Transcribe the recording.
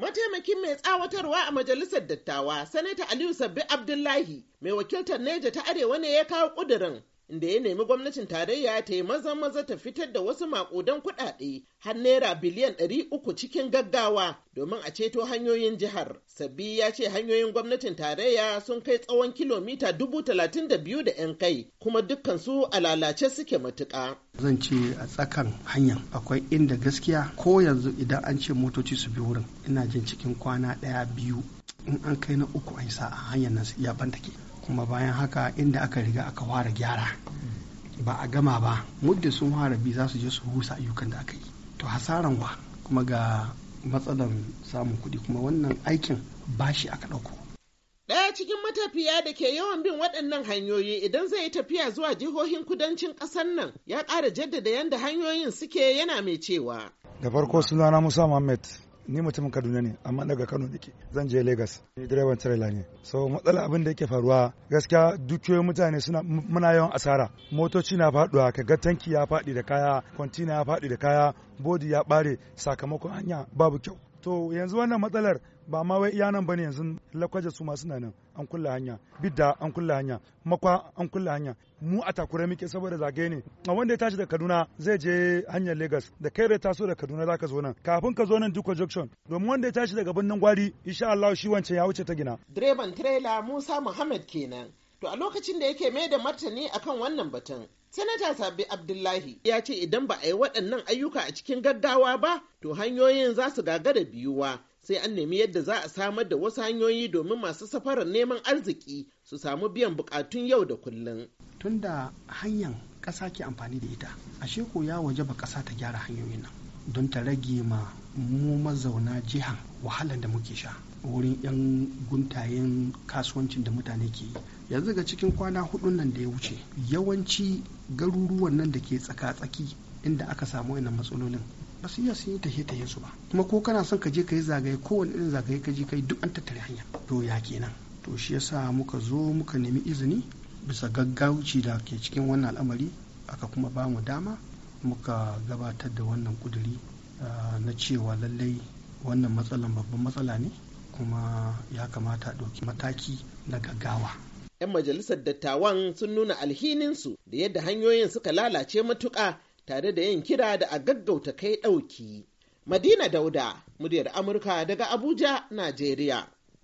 Mataimakin mai tsawatarwa a majalisar dattawa, Sanata Aliyu Sabbi Abdullahi, mai wakiltar Neja ta Arewa ne ya kawo ƙudurin da ya nemi gwamnatin tarayya ta yi maza maza ta fitar da wasu makudan kuɗaɗe har naira biliyan ɗari uku cikin gaggawa domin a ceto hanyoyin jihar. Sabbi ya ce hanyoyin gwamnatin tarayya sun kai tsawon kilomita dubu talatin da biyu da 'yan kai kuma dukkan su a lalace suke matuƙa. Zan ce a tsakan hanyar akwai inda gaskiya ko yanzu idan an ce motoci su bi wurin ina jin cikin kwana ɗaya biyu in an kai na uku an sa'a a hanyar nan ya bantake kuma bayan haka inda aka riga aka fara gyara ba a gama ba muddin sun fara bi za su je su husa ayyukan da aka yi to hasaran wa kuma ga matsalan samun kuɗi kuma wannan aikin bashi aka ɗauko Ɗaya cikin matafiya da ke yawan bin waɗannan hanyoyi idan zai yi tafiya zuwa jihohin kudancin ƙasar nan ya ƙara jaddada yadda hanyoyin suke yana mai cewa. Da farko sunana Musa Muhammad ni mutumin kaduna ne amma daga kano nake zan je lagos ni direban trailer ne so matsala abin da yake faruwa gaskiya dukiyoyin mutane suna muna yawan asara motoci na faduwa kaga tanki ya faɗi da kaya kwantina ya faɗi da kaya bodi ya bare sakamakon hanya babu kyau to yanzu wannan matsalar ba ma wai iya nan bane yanzu lakwaje su masu nan an kulla hanya bidda an kula hanya makwa an kulla hanya mu a takure muke saboda zagaye ne a wanda ya tashi da Kaduna zai je hanyar Lagos da kai da taso da Kaduna zaka zo nan kafin ka zo nan duka Junction domin wanda ya tashi daga birnin Gwari insha Allah shi wancan ya wuce ta gina direban trailer Musa Muhammad kenan to a lokacin da yake mai da martani akan wannan batun Sanata Sabi Abdullahi ya ce idan ba a yi waɗannan ayyuka a cikin gaggawa ba, to hanyoyin za su gagara biyuwa. Sai an nemi yadda za a samar da wasu hanyoyi domin masu safarar neman arziki su samu biyan bukatun yau da kullum. Tunda hanyar ƙasa ke amfani da ita, ashe ko ya waje ba ƙasa ta gyara hanyoyin nan. don ta rage ma mu mazauna jiha wahalar da muke sha wurin 'yan guntayen kasuwancin da mutane ke yi yanzu ga cikin kwana hudun nan da ya wuce yawanci garuruwan nan da ke tsaka-tsaki inda aka samu wannan matsalolin ba su iya sun yi tafiye su ba kuma ko kana son ka je ka yi zagaye kowane irin zagaye ka je ka yi duk an tattare hanya to ya kenan to shi yasa muka zo muka nemi izini bisa gaggauci da ke cikin wannan al'amari aka kuma ba mu dama muka gabatar da wannan kuduri ah, na cewa lallai wannan matsalan babban matsala ne kuma ya kamata a ɗauki mataki na gaggawa 'yan majalisar dattawan sun nuna alhininsu da yadda hanyoyin suka lalace matuƙa tare da yin kira da a gaggauta kai ɗauki. Madina Dauda, muryar Amurka daga Abuja, Najeriya.